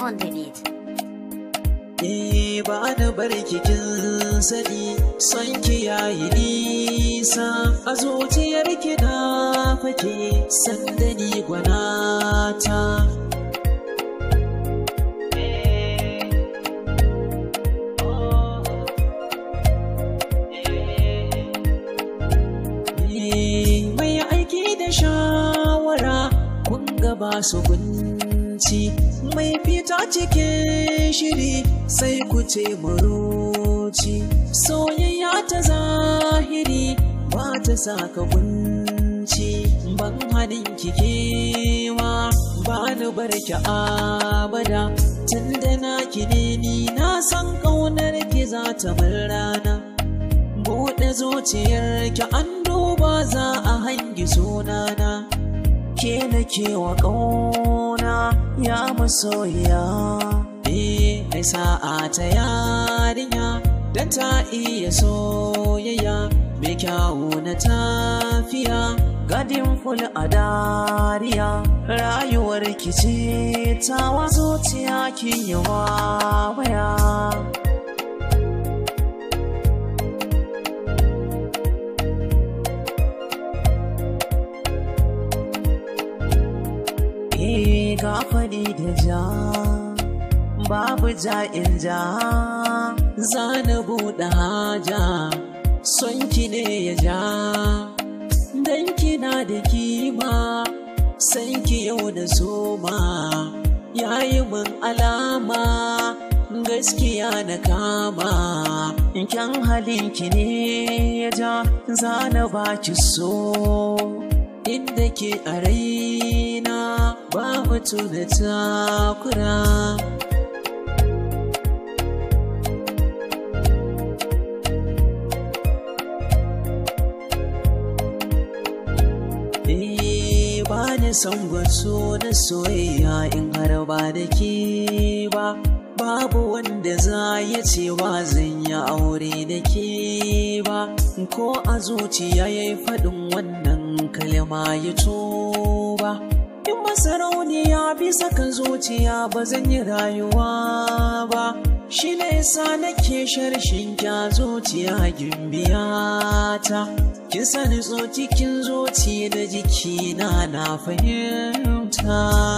on the beat. Eh ba na bar kikin sani son ki yayi nisa a zuciyar ki na fake sanda ni gwanata. Eh, mai aiki da shawara kun gaba su mai fita cikin shiri sai ku ce maroci soyayya ta zahiri ba ta saka kunci ban halin kikewa ba ni barki abada tun da na kine ni na san ƙaunar ki za ta bar rana buɗe zuciyar ki an duba za a hangi sunana ke na kewa ƙauna ya masoya eh ai sa'a ta yarinya da ta iya soyayya mai kyawu na tafiya gadin ful a dariya rayuwar kici ta wazo kin yawa na faɗi da ja babu ja in ja zana na buɗe haja son ki ne ya ja dan kina da kima san ki yau da zoma yayi min alama gaskiya na kama kyan halin ki ne ya ja zana ba ki so inda ke a rai ba mutu da takura eh, ba ni san gwaso da soyayya in har ba da ke ba babu wanda za ya ce ba zan yi aure da ke ba ko a zuciya ya yi faɗin wannan kalma ya tuba in masarauniya bi sakan zuciya ba zan yi rayuwa ba shi na sa nake sharshin kya zuciya gimbiya ta kin sani zo cikin zuci da jikina na fahimta